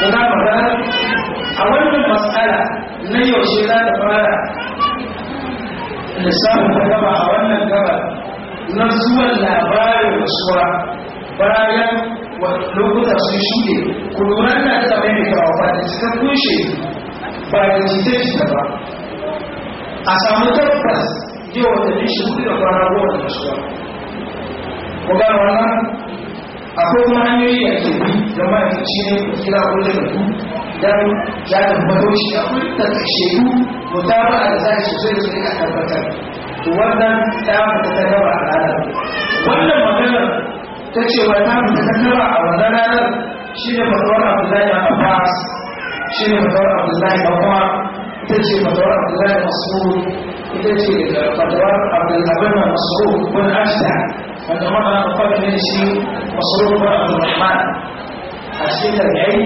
da za mu gana a wannan matsala na yaushe za ta fara da samun ta gaba a wannan gaba na zuwan labarin rasuwa bayan lokuta sun shuɗe kuduran na ta mai kawo ba da cikakkun shekaru ba da jita-jita ba a samu tabbas yau da nishi kudu da kwana goma da rasuwa. Ku gano wannan akwai kuma hanyoyi da ke bi da ma'aikaci ne da kira ko da mutu don ya tabbatar shi a kullum shaidu ko ta ba a da za shi zai zai a tabbatar to wannan ta fita ta gaba a ranar wannan magana ta cewa ta fita ta gaba a wannan ranar shi ne fatawar abdullahi a abbas shi ne fatawar abdullahi a kuma ita ce fatawar abdullahi masu ita ce fatawar abdullahi masu kun ashta wanda umar na kwakwar da shi masarufar abdurrahman a cikin tarbiyyai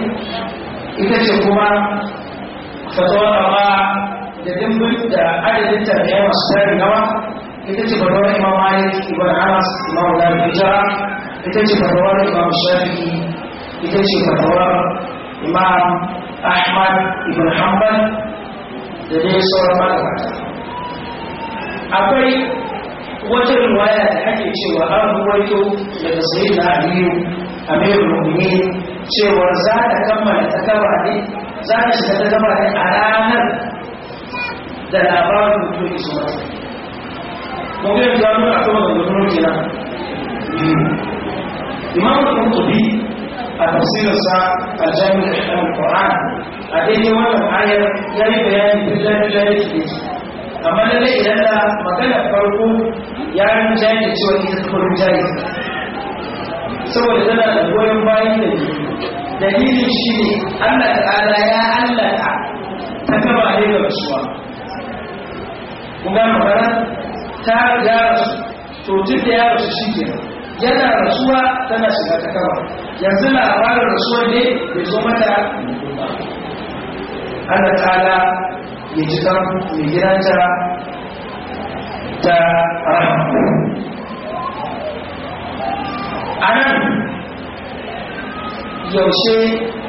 ita ce kuma fatawa amma da dimbin da adadin tarbiyyai masu tarin gawa ita ce imam malik ibn anas imam da hijira ita ce imam shafi'i ita ce imam ahmad ibn hanbal da wata riwaya da ake cewa an ruwaito daga sayi na aliyu a mai rumuni cewa za ta kammala ta gaba ne za ta shiga ta gaba ne a ranar da labarin mutum iso mata mun ga yanzu an a kuma da gudunmu kenan imam al-qurtubi a tafsirinsa al-jami'ul ihkam al-quran a daidai wannan ayar yayi bayani billahi billahi amma zai idan da magana farko ya rinjaye da cewa ita ta rinjaye saboda tana da goyon bayan da dalilin shi ne allah ta'ala ya allaka ta ta gaba ne ga rasuwa kun magana ta ya rasu to duk da ya rasu shi ke yana rasuwa tana shiga ta kama yanzu labarin rasuwa ne bai zo mata Allah ta'ala ya ci kan mai gidanta ta rahama a yaushe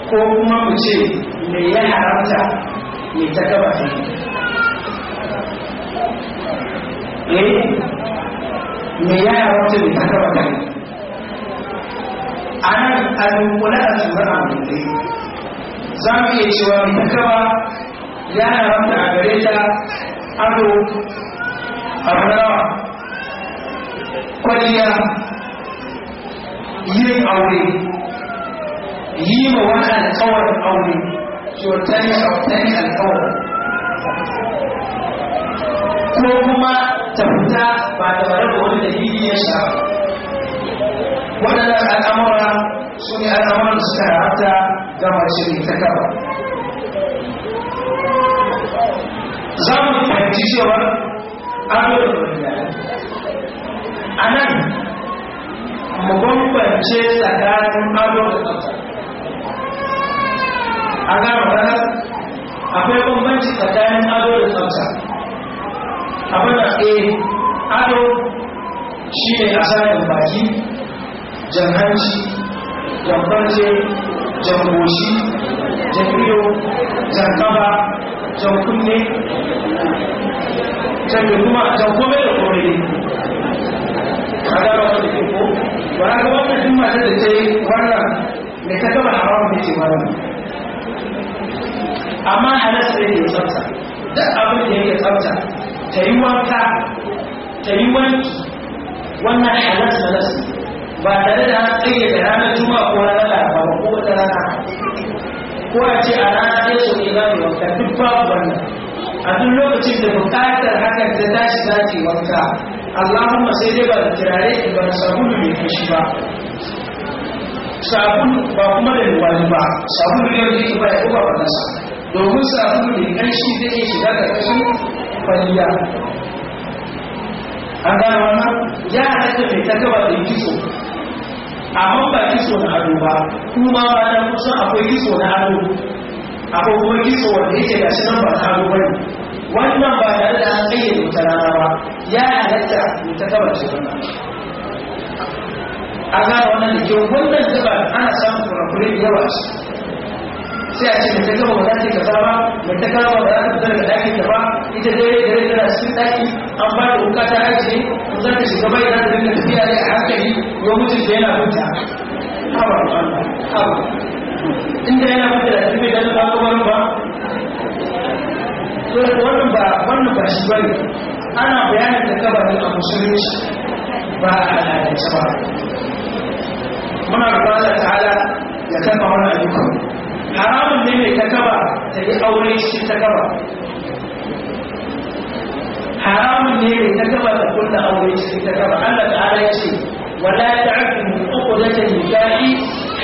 ko kuma ku ce mai ya haramta mai ta gaba ta yi eh, mai ya haramta mai ta gaba ta yi a nan a dunkula a tsoron amurkai za mu iya cewa mai ta gaba ya haramta a gare ta ado abu nawa kwalliya yin aure yi ma wani alkawar aure shortani shortani alkawar ko kuma ta fita ba da bare da wani dalili ya sha waɗannan al'amura su ne al'amuran da suka haramta ga mace ta gaba za mu fahimci cewa abin a nan ado da a akwai bambanci tsakanin ado da tsafta abin da eh, ado shi ne asalin baki jan hanci jan barce jankaba jan kunne can kuma da a ko ba na gaba ta yi wannan da ta gaba da ce amma ne tsafta duk abin da yake ta yi wanka ta yi wanki wannan na ba tare da tsaye da ranar juma'a ko ranar laraba ko wata rana ko a ce a rana ɗaya sau ne za mu wanka duk babu wannan a duk lokacin da buƙatar hakan ta tashi za ta wanka Allahumma sai dai ba da turare ba da sabulu mai kashi ba sabulu ba kuma da wani ba sabulu ne wanda yake ba ya kuma ba nasa domin sabulu mai kashi zai iya shiga da kashi kwalliya an gano wannan ya halatta mai ta gaba da yi kiso amma ba kitso na ado ba kuma ba da kusan akwai kitso na ado akwai kuma kitso wanda yake da shi nan ba ta ado bane wannan ba tare da an tsaye da rana ba ya halatta mu ta kawar shi wannan a gane wannan da kyau wannan gaba ana samun kurakure da yawa sai a ce mai ta gaba ba za ta kaza ba mai ta gaba ba za ta fitar da ɗakin ta ba ita dai da cikin ɗaki an ba da wuka ta ajiye in zan ka shiga bai da dinga tafiya da hankali ko mutu da yana huta haba haba inda yana mutu da tafi da ko kuma ba to wannan ba wannan ba shi bane ana bayanin da kabarin a musulunci ba a lalace ba muna rubar ta'ala ya kafa wani ayyukan haramun ne mai ta kaba ta yi aure shi ta kaba haramun ne ne ta gaba da kulla aure shi ta gaba Allah ta'ala ya ce wala ta'akum uqdatan nikahi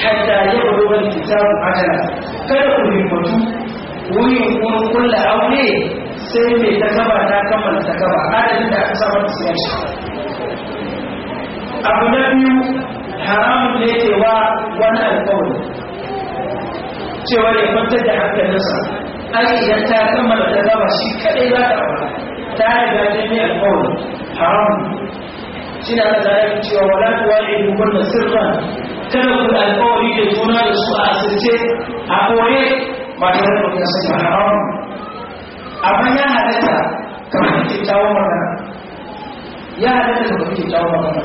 hatta yabru al-kitabu ajala kada ku himmatu wuyin kun kulla aure sai mai ta gaba ta kammala ta gaba adadin ka saba samar da shi abu na biyu haramun ne wa wani alƙawari cewa ya kwantar da hankalinsa ai idan ta kammala ta gaba shi kadai za ta aure ta riga ta ne alƙawari haram shi da aka tare cewa wala tuwa ya yi wannan sirran kada ku alƙawari da juna da su a asirce a koye ba ta wani kuma sun haram amma ya halatta kamar kyakkyawan magana ya halatta kamar kyakkyawan magana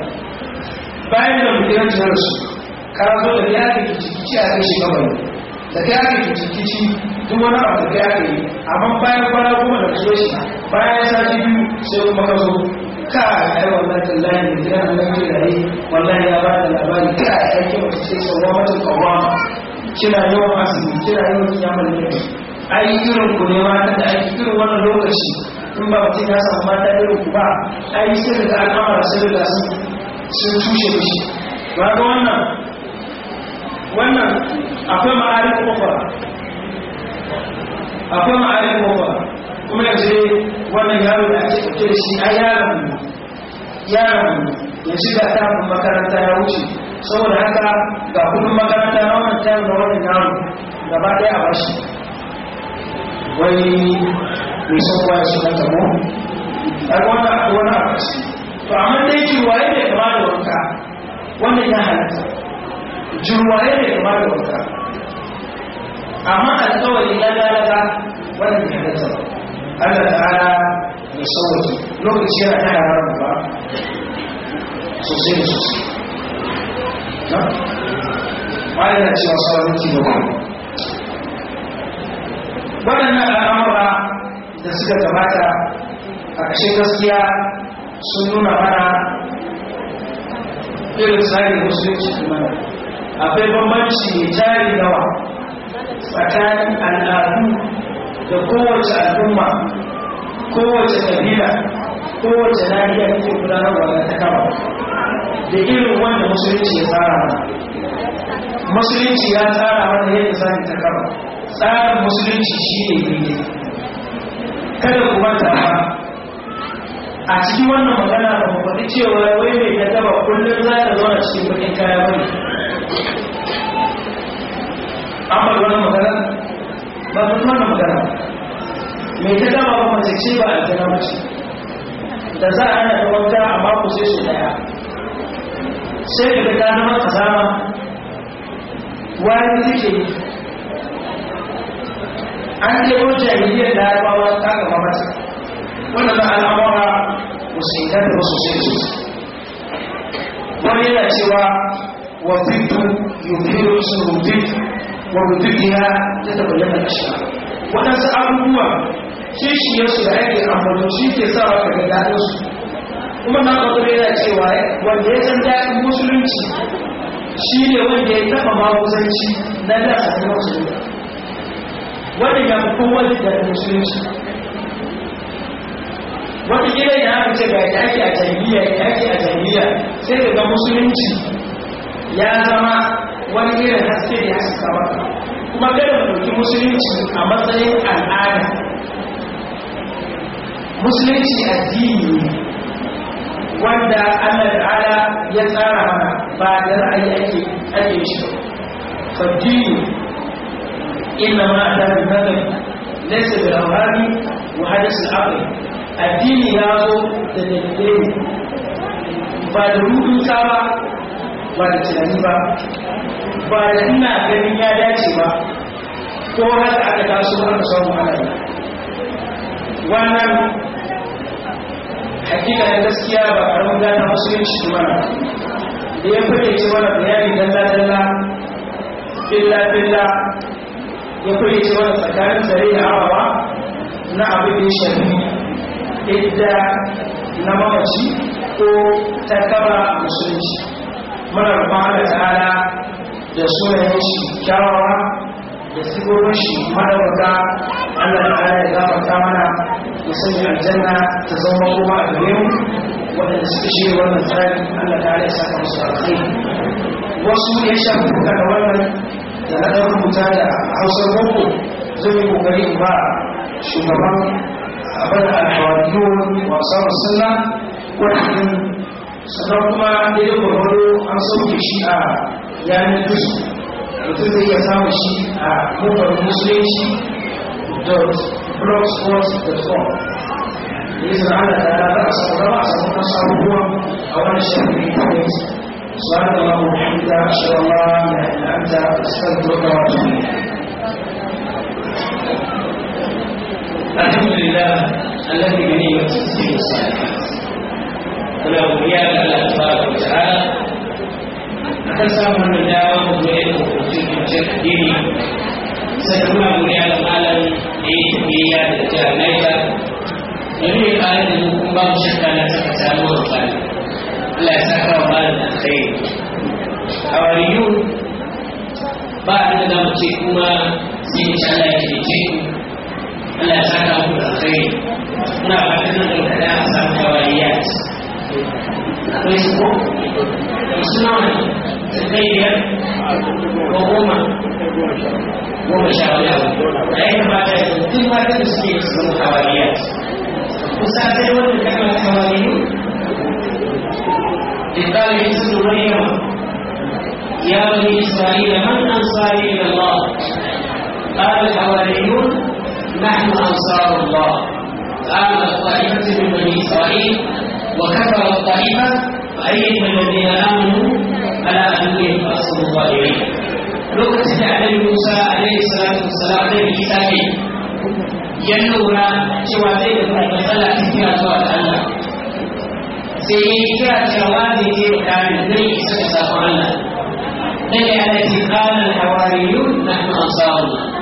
bayan da mutum ya rasu ka zo da ya rikici a kai shi gabani da ta yake cikici duk wani abu da ta yi amma bayan kwana goma da kuso shi bayan sati biyu sai kuma ka zo ka ai wannan tallahi ne gidan annabi da yi ya ba da labari ka ai kin wata ce sawamatul qawama kina yawan asiri kina yawan kiyamar ne ai irin ku ne ma da ai irin wannan lokaci in ba mutum ya samu mata irin ku ba ai sai da al'amara sai da sun tushe mishi ba ga wannan wannan akwai ma'arif ukhra akwai ma'arif ukhra kuma yanzu wannan yaro da ake ɗauke da shi ai yaron mu yaron mu yanzu da ta makaranta ya wuce saboda haka ga kudin makaranta na wannan ta da wannan yaro gaba ɗaya a bashi wai mai son kwaya shi na tabo a wannan abu wani abu to amma dai kiwaye bai kama da wanka wannan ya halatta jirwaye ne kamar da wata amma alkawari lagalaga wannan bai halatta ba Allah ala da sauwaki lokaci yana ta yara ba sosai da sosai ba yana cewa sauranci da wani waɗannan al'amura da suka gabata a ƙashe gaskiya sun nuna mana irin tsarin musulunci imana akwai bambanci mai jari yawa tsakanin al'adu da kowace al'umma kowace kabila kowace lafiya da ke kula da ta kama da irin wanda musulunci ya tsara ba musulunci ya tsara mana yadda za ta kama tsarin musulunci shi ne gini kada kuma ta ba a cikin wannan magana da mu cewa wai mai ta gaba kullum za ta zo a cikin bakin kaya bane amma wannan magana ba ba wannan magana me ta dama ba mace ce ba aljana mace da za a hana wanka a mako sai su daya sai ka ga ta zama kazama wani take yi an je ko jahiliyar da ya bawa ta gaba mata wannan al'amura musulman da wasu sai su wani yana cewa والضد يظهر اسمه الضد وبضدها تتبين الاشياء waɗansu abubuwa kishiyarsu da ake amfani shi ke sawa ka ga kuma na ƙwaƙwaro yana cewa wanda ya san daɗin musulunci shi ne wanda ya taɓa maguzanci na da a cikin musulunci wanda ya fi kowa da daɗin musulunci wata ƙila ya haka ce ga yaki a jam'iyya yaki a jami'a sai daga musulunci ya zama wani irin haske da ya haska kuma kada mu ɗauki musulunci a matsayin al'ada musulunci addini ne wanda Allah ta'ala ya tsara mana ba da ra'ayi ake ake shi fadini inna ma ta bi madad laysa bil awhami wa hadis al aql addini ya zo da dalilai ba da rubin ba ba da tunani ba ba da ina ganin ya dace ba ko har aka taso aka samu ana yi wannan hakika da gaskiya ba karamin gana musulunci ne mana da ya fayyace mana bayani dalla-dalla filla-filla ya fayyace mana tsakanin tsare da awawa na abin da ya shafi idda na mamaci ko ta takaba musulunci muna roƙon Allah ta'ala da sunayen shi kyawawa da sigobin shi madawaka Allah ta'ala ya gafarta mana ya sanya aljanna ta zama kuma a gare mu waɗanda suka shi wannan tsari Allah ta'ala ya saka musu alkhairi wasu ya shafi kuka da wannan da na ɗan rubuta da hausar boko zai yi kokari ba shugaban abin da alhawariyun wasan sunna wannan sannan kuma da yin gwargwaro an sauke shi a yanar gizo mutum zai iya samun shi a mafar musulunci blogspot.com yanzu ana da za a samu zama a samu kan sabuwa a wani shafin intanet سبحانك اللهم وبحمدك اشهد ان لا اله الا انت استغفرك واتوب الحمد لله الذي بنعمته الصالحات muna godiya ga Allah tabaraka wa ta'ala akan samun da dawa mu zo yin hukuncin kwanciyar addini sai kuma godiya ga da ya tafiya da jihar Niger don kuma saka wa malam a wariyu ba a da mu kuma sai insha ce saka mu da kai muna fatan da kada a samu فيسبوك يسمعنا تغير وقوما ومشاغلات لأن بعد كل ما تسميك اسمه حواليات وساعتين وانت تكلم الحواليون لذلك يسأل مريم يا بني إسرائيل من أنصاري إلى الله قال الحواريون نحن أنصار الله قال طائفة من بني إسرائيل وكفر الطائفة من الذين آمنوا على أنهم أصل الظالمين لوكس النبي موسى عليه الصلاة والسلام عليه كتابه ينورا شواتين المسألة كثيرة الله سيكرا شواتي كان النبي صلى الله عليه وسلم التي قال الحواريون نحن أنصار الله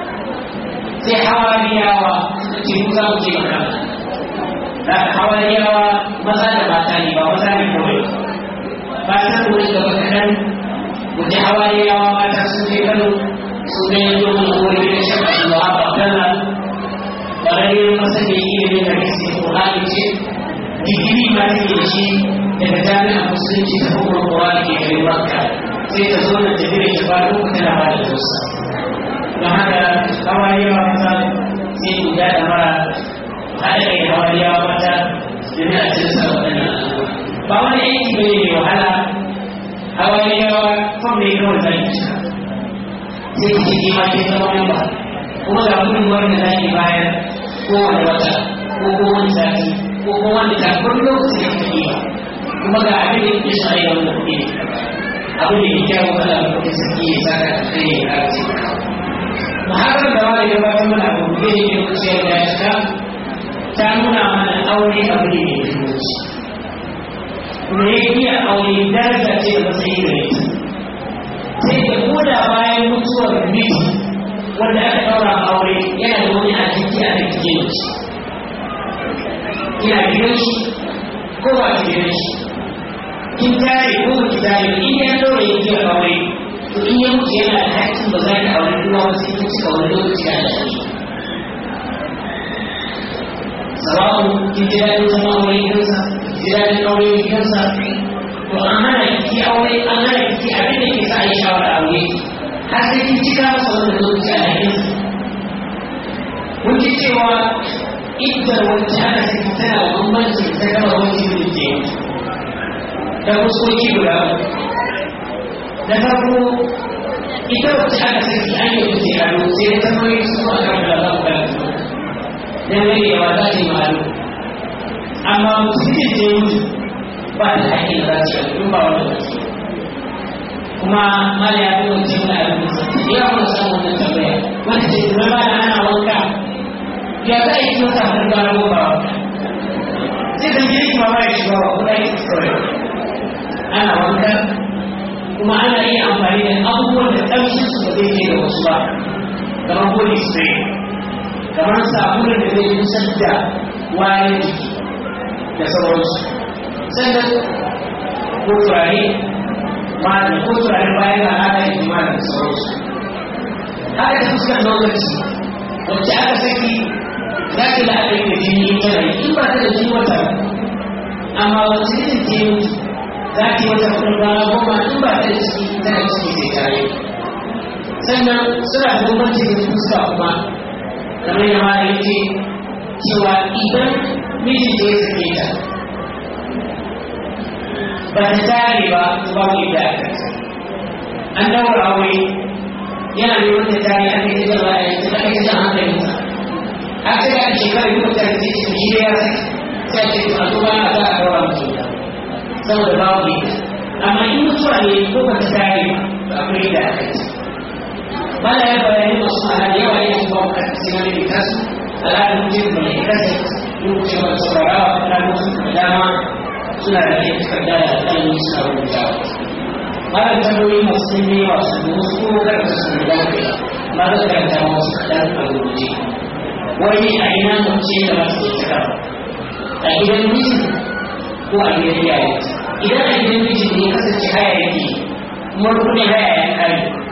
سيحواريا وتموسى وتموسى za ka hawariyawa maza da mata ne ba maza ne kawai ba ta kawai da makaran wajen hawariyawa mata sun je kano sun ga yanzu wani kori da shan kasuwa a bakana ƙwararriyar masa da yi ilimin da rasi ko hali ce digiri ma take da shi daga jami'a musulunci ta hukumar kowa da ke gari makka sai ta zo na tafiya ta ba duk tana ba da tosa don haka hawariyawa mata sai guda da mara har kai kawar ya mata yana cin sa waɗannan ba wani aiki bai mai wahala hawan yawa kan mai kawar ta yi cika sai ki ji ma ke zama nan ba kuma ga gudunmuwar da za ki bayar kowane wata ko kowane sati ko kowane takon lokaci da kuke ba kuma ga abin da kuke shari'a wanda kuke da ya da kuke saki ya saka da kai ya ya yi ta nuna mana aure abu ne mai muhimmanci kuma ya iya aure daraja ce da matsayi gare ta sai da koda bayan mutuwar miji wanda aka daura aure yana da wani a jiki a da cikin shi to sawa'un gidan auren yansa gidan auren yansa to amma da ki aure da ki abin da ke sa yi shawara aure har sai kin cika masa wannan lokaci a yanzu cewa iddar wacce ana saki tana ta gama wacce da ke da fuskoki guda na farko ita wacce ana saki ya yi wuce yaro sai ta zama yi su a kan da dangane da wata ce malu amma musulmi ce mutu ba da haƙƙi da za su yi duk ba wanda ba su kuma mala ya fi wance muna da musulmi ya kuma san wannan tambaya wanda ce kuma ba da ana wanka ya za a yi kuma samun gara ba wanka sai da gini kuma ba shi ba wa kuma yi tsoro ana wanka kuma ana iya amfani da abubuwan da ƙamshin su ba zai ce da wasu ba kamar holy spirit kamar sabulun da zai nusar da wayan jiki da sauransu sannan ko turare malam ko turare bayan ana yi malam da sauransu haka ta fuskar lokaci wacce aka saki za ki da aka yi da jini tana yi in ba ta da jini wata amma wacce ne ta yi za ki yi wata kudin rana goma in ba ta da ciki tana ciki sai ta yi sannan suna da gwamnati da fuska kuma kamar da yake ya ce cewa idan miji ya sake ta ba ta tare ba ta ba mu da aka an daura aure yana neman ta tare an yi ta ba ya ta kai ta hankali a ta ga shekaru ko ta ce shi da ya sai ce a zuwa a za a daura mu da saboda babu ne amma in mutuwa ne ko ba ta tare ba ba da aka mana ya bayani wasu a yawa ya su ba ka wani mai kasu alamun jin mai kasa lokacin wani saurarawa a ranar su da dama suna da yin takarda da alamun suna rubuta mana tambayoyi masu yi masu domin su kuma karanta su da lafiya amma zan karanta masu kaɗan a rubuce wani a ina mace da masu yi ta a gidan miji ko a gidan idan a gidan miji ne kasance haya yake kuma haya ya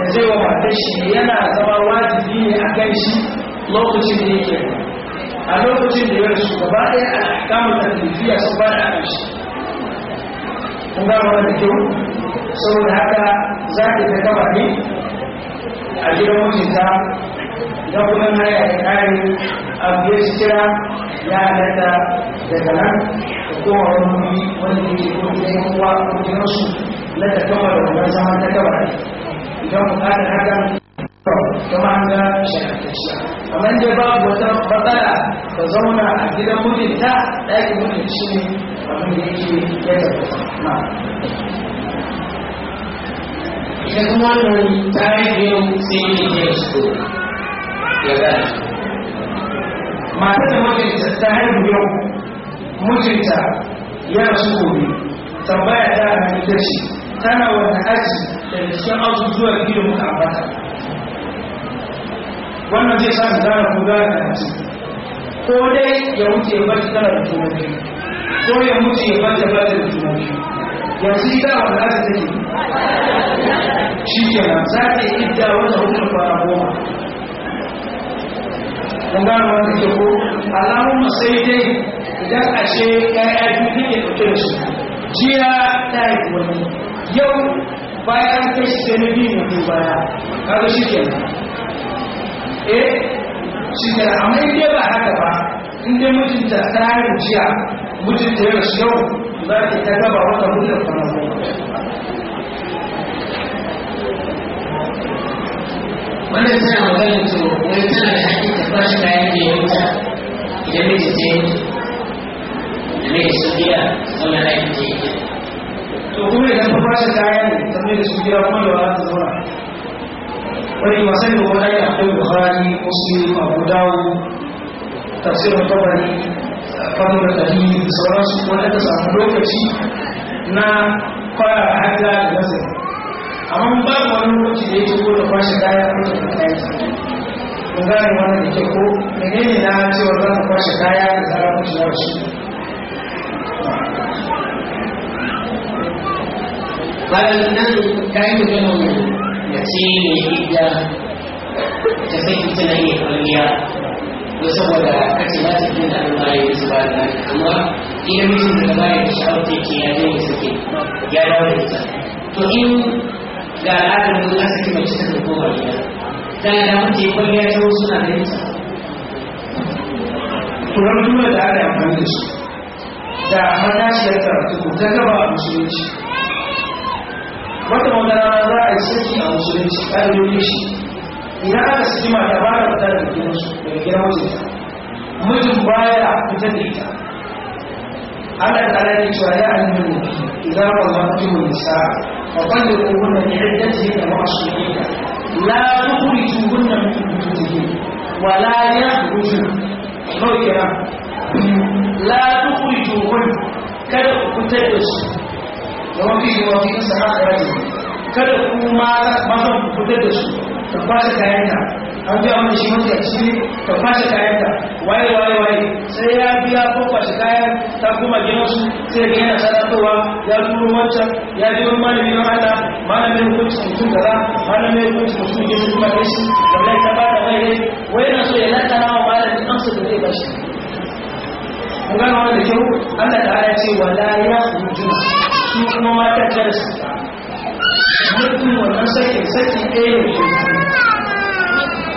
ya ce wa matar shi yana zama wajibi ne a kan shi lokacin da yake a lokacin da ya rasu gaba ɗaya a kamun tafiya sun ba da akan shi kun ba ma da kyau saboda haka za ki ta gaba ne a gidan mijinta idan kuma haya ya kare abu ya kira ya halatta daga nan da kowa wani wuri wanda yake ko gidan kowa ko gidansu na ta kama da wannan zaman ta gaba ne don bukatar hakan kuma an ga shakatacciya kamar da babu wata matsala ta zauna a gidan mijinta ɗakin mijin shi ne abin da yake ya tabbata ita kuma wannan ta yi biyu sai yi ne ya shigo ya gani mata da mijinta ta haihu yau mijinta ya rasu gobe tambaya ta hannun da shi tana wani aji daga cikin abubuwa biyu muka ambata wannan zai sa mu gane ko gane da ko dai ya wuce ya bata tara da ko ya wuce ya bata bata da yanzu ita wa za ta take shi ke nan za ta yi idda wata hukun kwana goma kun gano wanda ke ko alamun sai dai idan a ce ya yi ya da su jiya ta yi wani yau bayan an kai shi sai na biyu na biyu baya kaga shi ke eh shi ke amma in ba haka ba in dai mutunta tsarin jiya mutunta yau shi yau za ki ta gaba wata mutunta kwanan wannan tana maganin to wani tana da haƙƙin ta ba shi kayan da ya wuta idan mai ta sai da su gida kuma da ba ta zauna wani wasan da wani akwai buhari muslim abu dawo tafsirin tabari kamar da ɗari da sauransu wanda ta samu lokaci na fara hada da nazari amma ba wani lokaci da ya ce ko da kwashe kaya ko da kaya mun gane wannan da ke ko menene na cewa za mu kwashe kaya da zarar mutu na rasu bayan nan ta yi maganar ce mai idda ta saki tana iya kwalliya ko saboda kace za ta fi da almari da zuba da amma idan mijin da ba ya sha'awar ya je ya sake ya dawo da ita to in ga al'adar mu za saki mace ta karɓo ba gida ta yi damar ta yi kwalliya ta wasu da ita. Turan duniya da aka amfani da shi da matashiyar karatu ta gaba a musulunci wata magana za a yi sarki a musulunci a yi ƙa'idodin shi idan aka saki ta ba da fita da gidansu da gidan mijinta mutum baya fitar da ita Allah ta ala cewa ya annabi mu idan ba za ku mu nisa fa kullu kunna ni iddati da yi ma'asumina la mutum da min ke wa la ya yakhruju no kira la tukhriju kunna kada ku fitar da su da wani yi wa fi sana'a da rajin kada ku mazan ku fitar da su ta kwashe kayanta an biya wani shi mafi a cikin ta kwashe kayanta waye waye waye sai ya biya ko kwashe kayan ta kuma gina su sai ga yana sadatowa ya turo wancan ya biyo malami na Allah malamin hukunci mutum kaza malamin hukunci mutum ya shi da shi da ta ba da mai wai yana so ya lantana wa malamin amsa da zai bashi kun gano wannan da kyau Allah ta ya ce wala ya hujuna su kuma matan da mutum wannan sakin sakin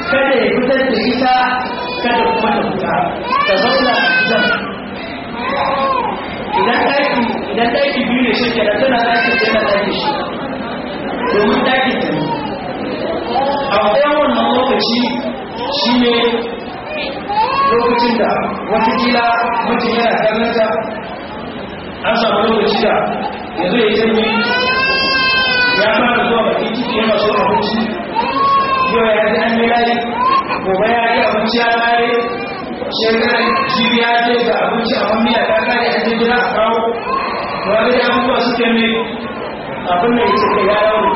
ɗaya ne kada ya fitar da ita kada kuma da fita ta zauna a gidan idan ɗaki idan ɗaki biyu ne shi kenan tana ɗaki tana ɗaki shi domin ɗaki ta ne a ɗayan wannan lokaci shi ne lokacin da watakila mutum yana kallon an samu lokaci da yanzu ya ce ni ya fara zuwa bakin ciki yana so abinci yau ya ji an yi layi gobe ya ji abinci ya kare shekarar jibi ya ce ga abinci a mamiya ta kare a cikin a kawo wani da abubuwa suke ne abin da ya ce ya yawo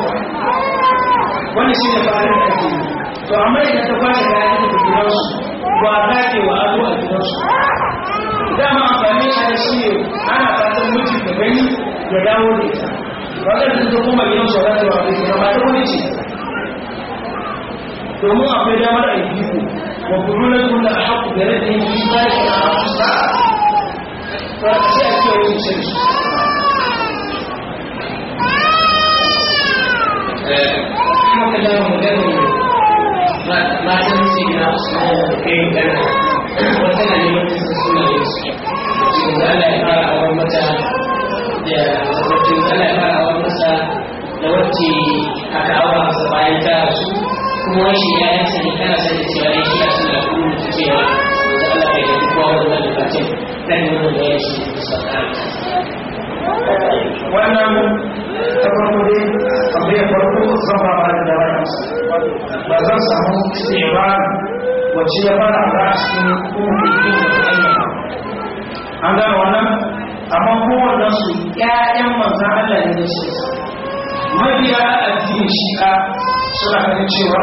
wani shi ne fa'arin da ake yi to amma idan ta kwashe kayan da gidansu ba ta ke wa abu a gidansu dama amfani a shi ne ana fatan mutum da gani ya dawo da ita wadanda ta kuma yin salatu wa bai kuma ba ta wani ce domin akwai damar a yi ko wa kurulan kuma a haku da rage yin yi ba da a haku sa ba ta sai a kewa yin sai su haka da magana ne ba ta nisi na su na da kai gana wata na neman su suna yin su shi da ala ya fara a wani mata da wajen tana fara wata da wacce aka aura masa bayan ta kuma wani ya yi sani kana sani cewa ya shi yasu da kuma mutu cewa da Allah bai da duk wani ya shi da sauƙari. wannan ta farko dai tambayar farko zan ba da wani ba zan samu tsibirar wacce ya fara a cikin kuma da ke da manzan Allah ne ya ce mabiya addinin shi'a suna ganin cewa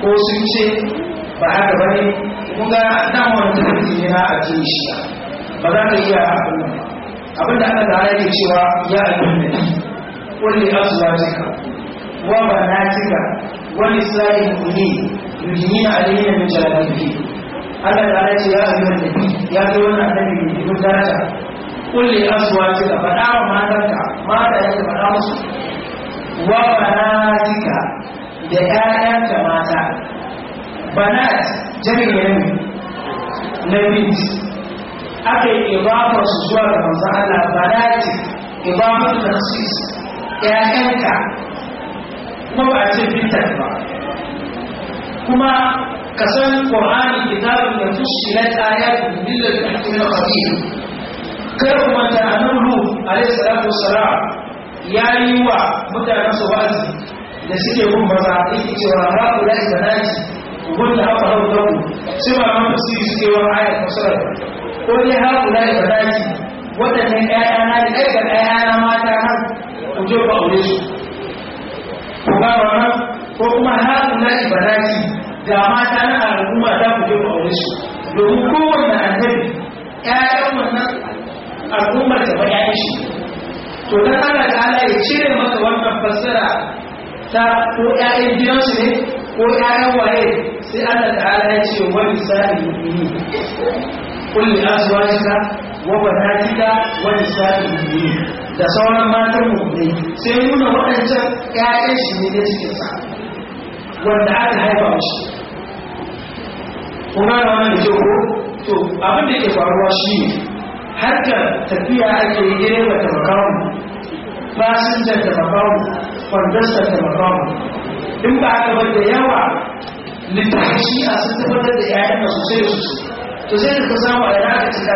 ko sun ce ba haka ba ne kuma damar da ne na shi shi'a ba za ka iya abin abinda aka da ya cewa ya addinin kulli azwajika wa banatika wa nisa'il mu'minin yudinina alayna min jalabihi Allah ta ce ya ayyuhan nabi ya ga wannan annabi ne mun daraja kulli ka fada wa matanka mata yake fada musu wa banatika da ƴaƴanka mata banat jami'in na bint aka yi ibafar su zuwa ga manzon Allah banati ibafar da nasis ƴaƴanka kuma ba a ce bintan ba kuma kasan qur'ani kitabun da fussilat ayatu billati min al kar kuma ta annabi alaihi salatu wassalam ya yi wa mutanen su wa'azi da suke bin maza yake cewa ra'u la ibanati wanda aka hau lahu sai ma ma tafsiri suke wa ayat musallar ko dai ra'u la ibanati waɗannan ƴaƴana da ɗaukar ƴaƴana mata har ku je ku aure su ku ba wannan ko kuma ra'u la ibanati ga mata na al'umma za ku je ku aure su domin kowanne annabi ƴaƴan wannan al'ummar ta baya shi to dan Allah ala ya cire maka wannan fassara ta ko ƴaƴan gidansu ne ko ƴaƴan waye sai Allah ala ya ce wa azwajika wa banatika wa ونساء المؤمنين da sauran matan ne sai nuna waɗancan ƴaƴan shi ne da suke sa wanda aka haifa shi kuma da wannan da ko to abin da ke faruwa shi ne hatta tafiya ake yi direba ta makamu fasinjar ta makamu kwandasta ta makamu in ba aka bar da yawa littafi a sun tabbatar da yayan da sosai da sosai to sai da ka samu a yana aka cika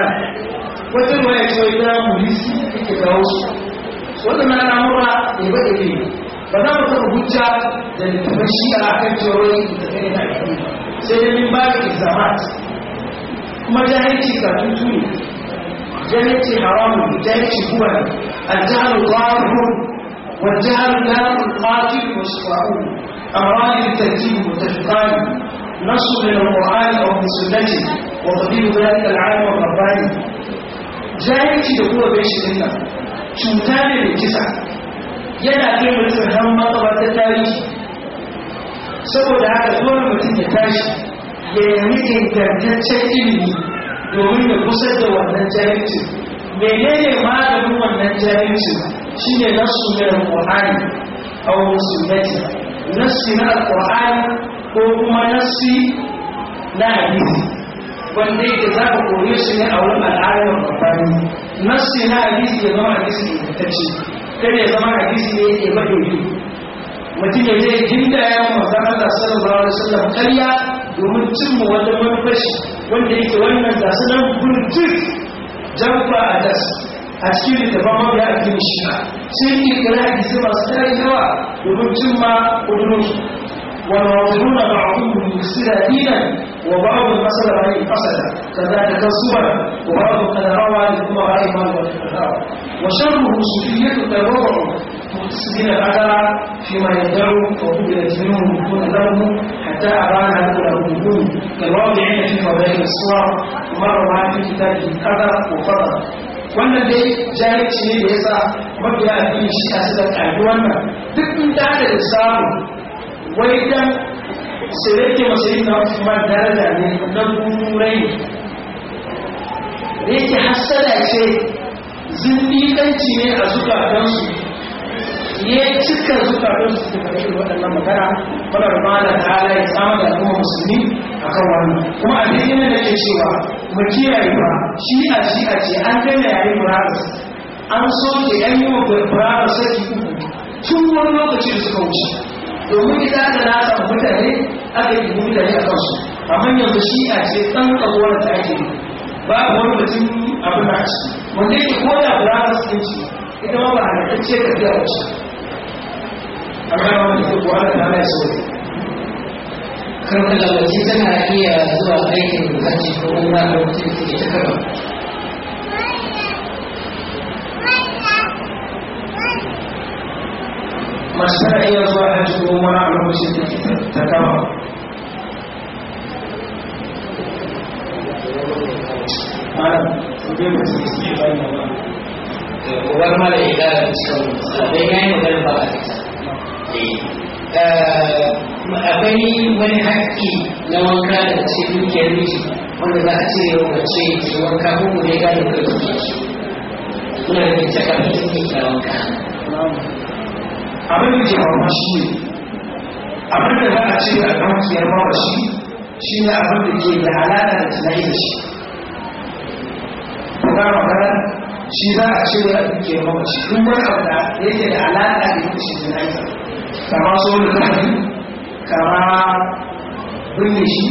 wata ruwa ya cewa ita mulisi ke kawo su wata na namura da ba da ne ba za mu taɓa hujja da littafin shi a kan cewa da kai na da sai da min ba da izamat kuma jahilci ka tutu ne كانت حرام كانت هو الدهر طاهر والدهر لا القاتل مصفعون أمران للترتيب وتفقان نص من القرآن أو من سنته وقدير ذلك العالم الرباني جاءت هو بيش الله شمتان الجزع ينا كيف تفهم مطبع التاريخ سبب هذا دور متن التاريخ يعني متن تنتهي domin da kusa da wannan jahilcin menene maganin wannan Shi shine nasu min alqur'ani aw sunnati nasi na alqur'ani ko kuma nasi na hadisi wanda yake za ka koye shi ne a wurin al'adar babbani nasi na hadisi ya zama hadisi ne ta ce kada ya zama hadisi ne ya maɗauki mutum ya zai jinda ya mazan Allah sallallahu alaihi wasallam karya domin cimma wata manufar shi wanda yake wannan ga su nan burjik jamba a das a cikin littafin mabiya a gini shi sun yi kira a gizai masu tarin yawa domin cin ma ƙudurinsu والراجلون بعضهم يفسد دينا وبعض مثل عليه فسدا كذلك الصور وبعض قد روى لكم غير ما وشره سفية تبرع سجل الأجر فيما يدعو فقبلت منهم دون لهم حتى أبان له النجوم كالواضعين في فضائل الصور ومر معه في كتابه القدر وقدر wannan dai jahilci ne da yasa mabiya addini shi a suka kalli wannan duk inda aka da samu wai dan sai yake masayin na Usman daraja ne na gurai ne hasada ce zindiƙanci ne a zukatansu ya cika zukatun su suka karɓi waɗannan magana wadda rumana da ala ya samu da al'umma musulmi a kan wannan kuma a duk inda nake cewa mu kiyaye ba shi a shi a ce an daina yayin murabus an soke yan yi wa murabus saki uku tun wani lokaci da suka wuce domin ita aka nasa mutane aka yi mutane a kansu amma yanzu shi a ce ɗan ƙagowar ta ake babu wani mutum abin da a ciki wanda yake koya murabus ɗin ce ita ma ba a halittacce ka biya wuce amma wani ke kuwa da ba ya so karfin lalace tana iya zuwa aikin hajji ko umra da wata ke ta kama masu tana iya zuwa hajji ko umra a ke ta da cikin mutu, ba a cikin Eh, eh, akwai wani haƙƙi na wanka da ce dukiyar miji wanda za a ce yau mace ke wanka ko mu ne gado ka duke shi muna da ita ka mutum ne ke wanka abin da ke hawa shi ne abin da za a ce a dukiyar mawa shi shi ne abin da ke da alaƙa da tunai da shi kuma magana shi za a ce shi kuma yake da da yake shi da kama so da zafi kama birne shi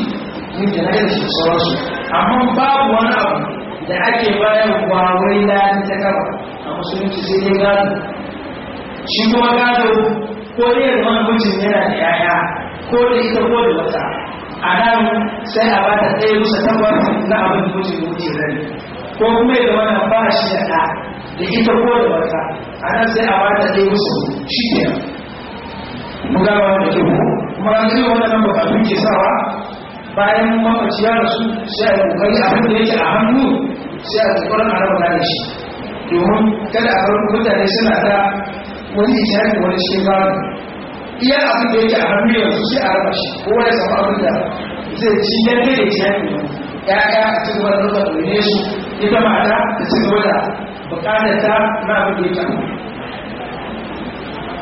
yin janayar shi sauransu amma babu wani abu da ake bayan wawai na ta kama a musulunci sai dai gado shi kuma gado ko dai ya zama mutum yana da yaya ko da ita ko da wata a nan sai a ba ta ɗaya musa tabbas na abin da mutum ya wuce rai ko kuma ya zama ba shi da ɗa da ita ko da wata a nan sai a ba ɗaya musa shi kenan mun gaba wanda ke ku kuma an zai wannan nan bukatu ke sawa bayan mamaci ya su sai a kokari abin da yake a hannu sai a kokarin a raba da shi domin kada a farko mutane suna da wani ishari wani shekaru iya abin da yake a hannu yanzu sai a raba shi ko wani samu abin da zai ci yadda da ci hannu ya'ya a cikin wani rukar su ita mata da cikin wadda bukatar ta na abin da yake a hannu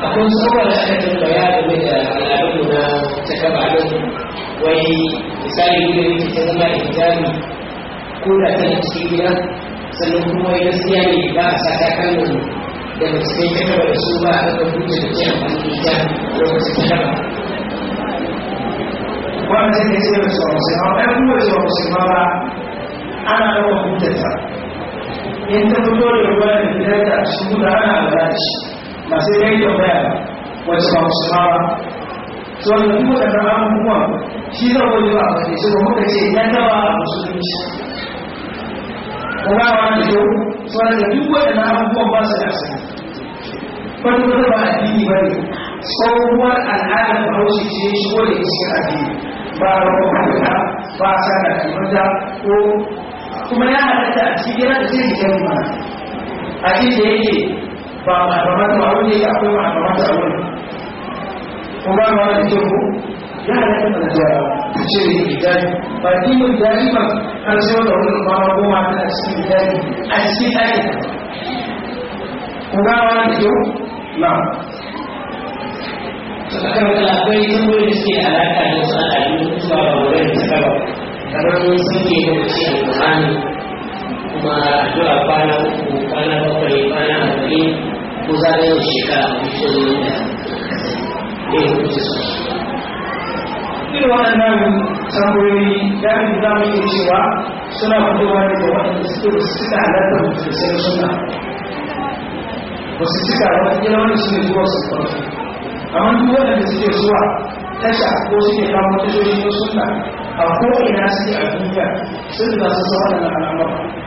akwai sauran da aka tun baya mai da al'adunmu na ta gaba wai misali da yake ta zama ihjami ko da ta cikin gida sannan kuma wai gaskiya ne ba a sa takalmin da sai ta gaba da su ba a ɗaga hujja da ke amfani da ita lokacin ta gaba wanda take sai da su wasu ma ɗan da wasu ma ba ana ɗaga ta in ta fito da ruwa da fitar da su da ana ba da shi ba sai ya yi tambaya wacce ba musulma ba so da duk waɗannan abubuwan shi zan wani ba ba ne so ce yan daba a musulunci kuma ba da yau so da duk waɗannan abubuwan ba su da asali wani wani ba addini ba ne tsohuwar al'adar bahaushe ce shigo da iskar addini ba rabu ba ba sa da kimanta ko kuma ya halatta a cikin yana da zai jikin mana a cikin da yake ba malaman ma'auni akwai malaman ma'auni kuma malaman jihu ya halatta da ta ce da idani ba kimin dani ba har sai wata wani mama goma ta a cikin idani a cikin ɗakin kuma malaman jihu na sakamakon wata akwai tambayoyi da suke alaƙa da wasu al'adu zuwa ga wurin da suka ba kamar sun ke da ce alƙur'ani ma addu'a kwana uku kwana bakwai kwana arba'in ko zagayen shekara a cikin da ya hukunci su irin waɗannan tambayoyi ya fi za mu iya cewa suna fitowa daga waɗanda suke suka halatta da sai suna wasu cika wata kila wani su ne zuwa su kwanci amma duk waɗanda suke zuwa tasha ko suke kawo tashoshi na suna a ko'ina suke a duniya sun da su sa waɗannan al'amura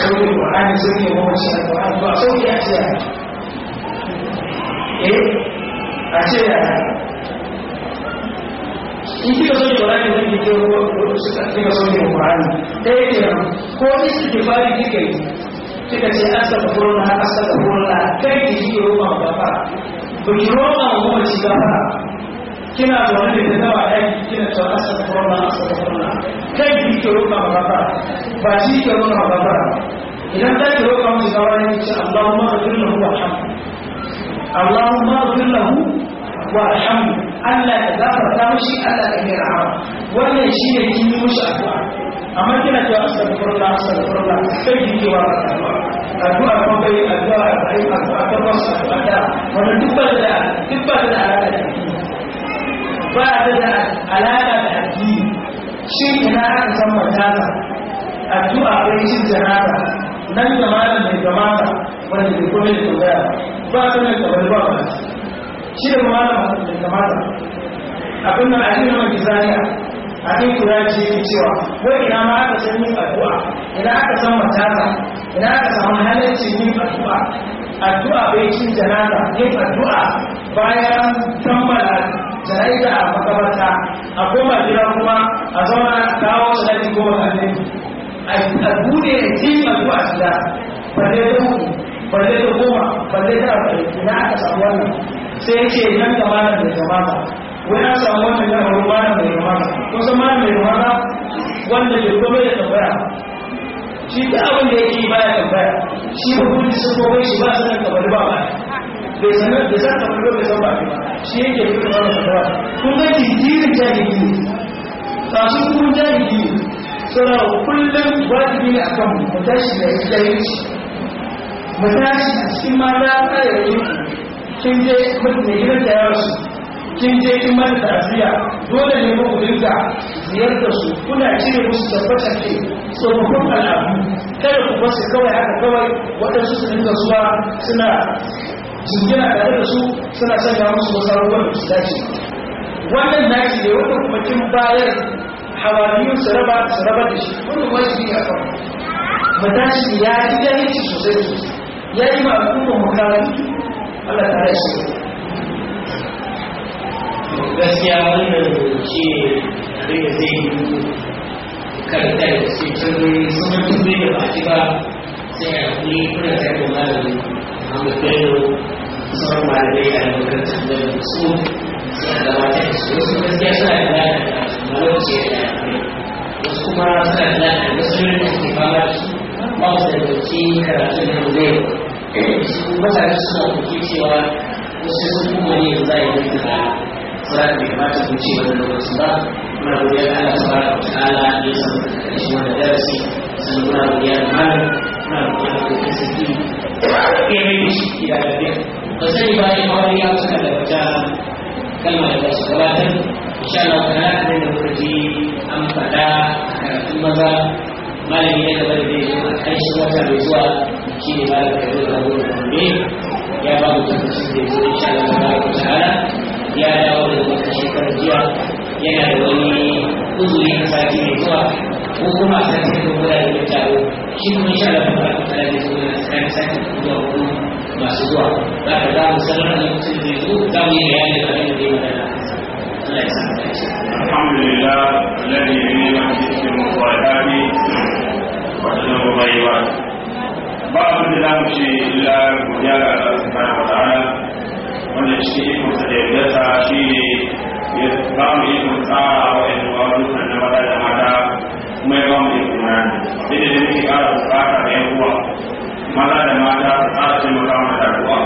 sauke ƙwarani sauke mawaci a ƙwarani ba sauke a ce eh a ce ya in kika sauke ƙwarani zai kike kika sauke ƙwarani ɗaya ke nan ko istifari kika yi kika ce astaghfirullah astaghfirullah kai ki yi roƙon gafa ba ki roƙon mawaci gafa kina zaune da nawa aiki kina cewa asa korona asa korona kai ki ke roƙa ma gafara ba shi ke roƙa ma gafara idan za ki roƙa musu gafara ne ki ce Allahumma ghfir lahu warhamhu Allahumma ghfir lahu warhamhu Allah ya gafarta mishi Allah ya yi rahama wannan shi ne kin yi mishi addu'a amma kina cewa asa korona asa korona kai ki ke wa addu'a ko bai addu'a bai addu'a ta wasu addu'a wannan duk ba da duk ba da alaƙa da ba ta da alaƙa da addini shi ina aka san matasa addu'a ko cin janaba nan da malam mai gamata wanda bai kome da tambaya ba ta mai kamar ba ba shi da malam mai gamata abin da ake nuna bisaniya a kan kura ce cewa ko ina ma aka san yin addu'a ina aka san matasa ina aka samu halaccin yin addu'a addu'a bai cin janaba yin addu'a bayan kammala jana'iza a makabarta a koma gida kuma a zama kawo sanadi ko makarai a bude ya ce a zuwa gida balle da hudu balle da goma balle da balle ina aka samu wannan sai ya ce nan da malam bai kamata wani an samu wannan yana wani malam bai kamata kun san malam bai kamata wanda bai komai da tambaya shi ta abin da yake baya tambaya shi ba kuma sun komai shi ba sanar kamar ba ba. bai sanar da san abu da bai ba shi yake da kuma wannan fatawa kun ga jijirin jahili tashin kun jahili suna kullum wajibi ne akan mu tashi da jahilci mu tashi a cikin mata tsare da yanku kin je mutum ne da yawa su kin je kin mata tafiya dole ne mu dinga ziyartar su kuna cire musu tabbata ke tsofaffin al'adu kada ku basu kawai haka kawai waɗansu su rinka zuwa suna su yana tare da su suna sanya musu wasu abubuwan da su dace wannan na naki ne wanda kuma kin bayar hawariyun su raba su raba da shi wannan wajibi a kan matashi ya yi ya jahilci sosai sosai ya yi ma al'umma mukarar Allah ta rashi gaskiya wannan ce abin da zai yi karanta da sai can sun mutu zai da ba a ba sai a kuri kuna tare da malamin amma bello sauran malamai a makarantar da su suna gabatar da su wasu gaskiya suna da da malauci da wasu kuma suna da da musulmi da suke fama da su ba su da dauki karatun da zai su mutane suna kuke cewa wasu sun kuma ne za a yi wani da suna da bai mata kun ce Allah subhanahu wa ta'ala ya san shi wannan ya mai kana da da lokaci an faɗa maza malami na zuwa shi ne malam da zai zago jiya yana da wani uzuri a sati mai zuwa ko kuma a sati da kuma da taro shi kuma insha Allah ba ku tare da su na sai sai zuwa kuma masu zuwa za ka za mu sanar da mutum da yanzu za mu yi bayani da abin da ya magana Allah ya sa mu dace alhamdulillah alladhi bi ni'matihi muwadati wa sunu baywa ba abin da za mu ce illa godiya ga Allah subhanahu wa ta'ala wanda shi ne mutum da ya sa shi ne ya ba mu yi mutum tsara wa'in wa mutum da mata da mata kuma ya ba mu yi juna ne sai da muke ƙara da maza da mata su ƙara taimaka mana da ruwa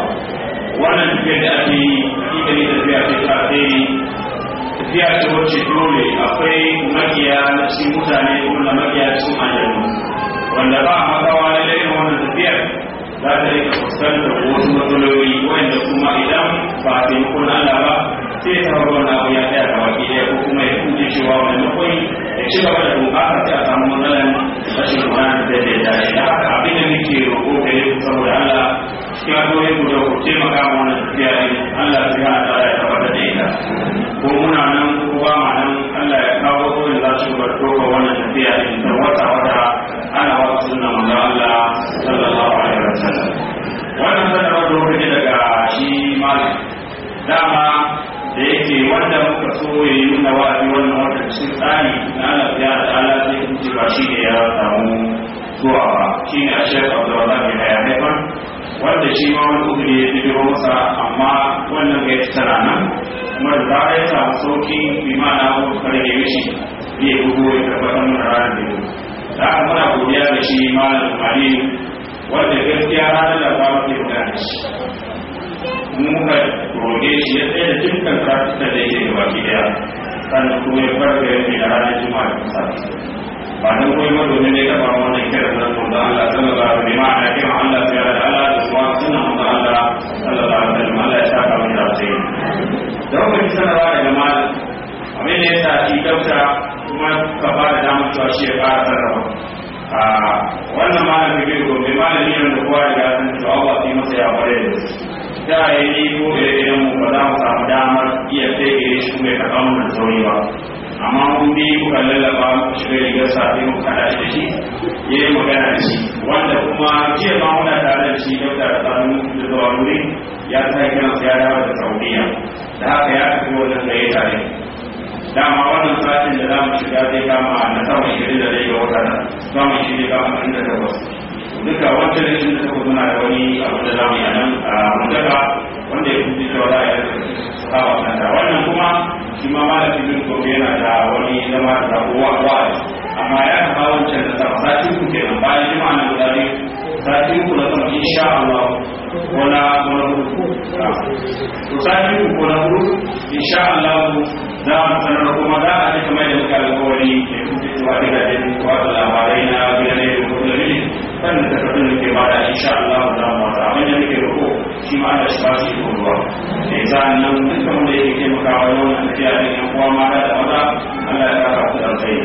wannan da ake yi ita ne tafiya ce ta alheri tafiya ce wacce dole akwai makiya na cikin mutane ko na makiya cikin aljanu wanda ba a makawa na irin wannan tafiyar za ta rika fuskantar wasu matsaloli wanda kuma idan ba a taimako na Allah ba sai ta faru wani abu ya tsaya ga baki ɗaya ko kuma ya kuce cewa wani makwai ya ci gaba da bunƙasa sai a samu matsalan rashin ruwan da zai dace da haka abin da muke roƙo gare ku saboda Allah cikin abubuwan taimaka ma tafiya Allah ya hana ta ya tabbatar da ita sauki bimana ko ka rage mishi ne gugu ya tabbatar mana ranar da yau da aka muna godiya da shi malam alim wanda gaskiya ranar da ba ke da shi mu ka roge shi ya tsaye da dukkan karatuka da yake gaba ki da sannan kuma ya farka ya fi da ranar juma'a da kusa ba nan kuma ba domin ne ka fara wannan kira da zan da Allah sallallahu alaihi wa sallam bi ke kira Allah sai da Allah da kuma sunan Allah sallallahu alaihi wa sallam da muka sanarwa daga malam abin da ya sa shi dauta kuma ka ba da damar cewa shi ya fara sarrafa a wannan malam da bai gobe malami ne da kowa ya san cewa Allah sai masa ya bare da da ya yi ko da ya mu ba za mu samu damar iya fege shi kuma ya karɓa mu da sauri ba amma kun bi kuka lallaba ku shiga rigar safe mu kada shi da shi ya yi magana da shi wanda kuma jiya ma muna tare da shi dauta da tsarin da zuwa wuri ya sa kiransa ya dawo da saudiya da haka ya tafi wajen da ya tare dama wannan satin da za mu shiga zai kama na samun shirin da zai ga wata samun shirin kama ɗin da wasu duka wancan rashin da takwas muna da wani abu da zamu yanan yi a nan a mutaka wanda ya kuma da wata ya yi a kanta wannan kuma shi ma fi bin gobe yana da wani zama da zaɓuwa amma ya kama wancan da takwas satin ku kenan bayan jima'a na guda biyu sati uku na sama insha Allah ko na wani to sati uku na hudu insha Allah za mu sanar kuma za a ji kamar da muka alkawari da kuke zuwa da ta kuwa da labarai na biyan da ya kuma da kan da takardun da ke bada insha Allah za mu wata abin da nake roƙo shi ma da shi ba su yi ruwa da eh, ya sa'an nan dukkan wanda yake taimakawa yau na tafiya da yan uwa mata da maza Allah ya kara ku da kai.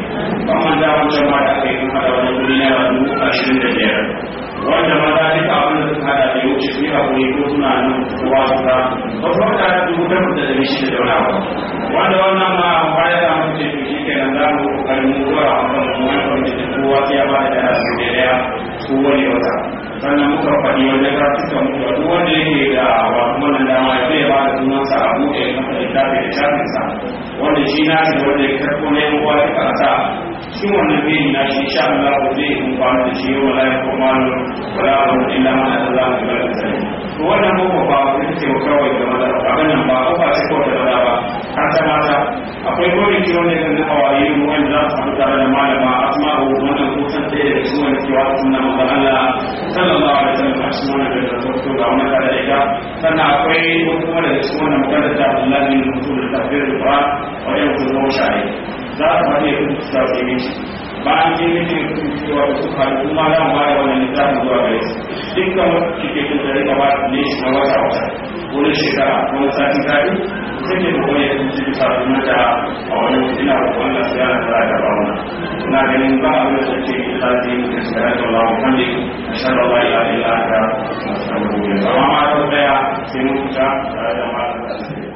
Kamar da wancan ma da aka kuma da wani duniya da dubu ashirin da biyar. wanda maza duka abin da suka hada da yau shi a kuri ko suna nan kowa su ta wasu wata da dubu da da shi da wani wanda wannan ma baya da mu ce to shi ke nan za mu kokari mu zuwa a kan mu wani kwamiti da kowa sai ya ba da su da daya wani wata sannan muka faɗi wajen rafuka mutu duk wanda yake da wasu wannan dama ya zai a buɗe na faɗi tafi da tafinsa wanda shi na shi wanda ya karɓo shi wannan bai na shi sha Allah ko zai amfani da shi yau wala ya kuma lo wala ko illa ma Allah ya ba da sai to wannan ko ba ku ce ko kawai da mata abin nan ba ko ba sai ko da mata ba har ta mata akwai ko ne kiyon ne kan da hawaye mu wanda za su da malama asma ko wannan ko san da ya su wani kiwa sunna manzo Allah sallallahu alaihi wasallam a cikin da ta fito ga wannan da ita sannan akwai ko kuma da su wannan magana Allah ne mutum da tafiyar da ba wa yau ko shayi za su bari ya rubuta sauƙi mishi bayan yin mishi ya rubuta cewa da suka haɗu kuma za mu bada wannan littafin zuwa gare su dukkan wasu cike kun da rika ne shi na wata wata wani shekara wani sati sati sai ke da wani ya rubuta bisa mata a wani ina wannan su yana tsara da ba wannan ina ganin ba a wani sauƙi ne za su yi mutum da wani abubuwan a shan rawa ya ila ila da masu rabu ne ba ma ta tsaya sai mun fita tare da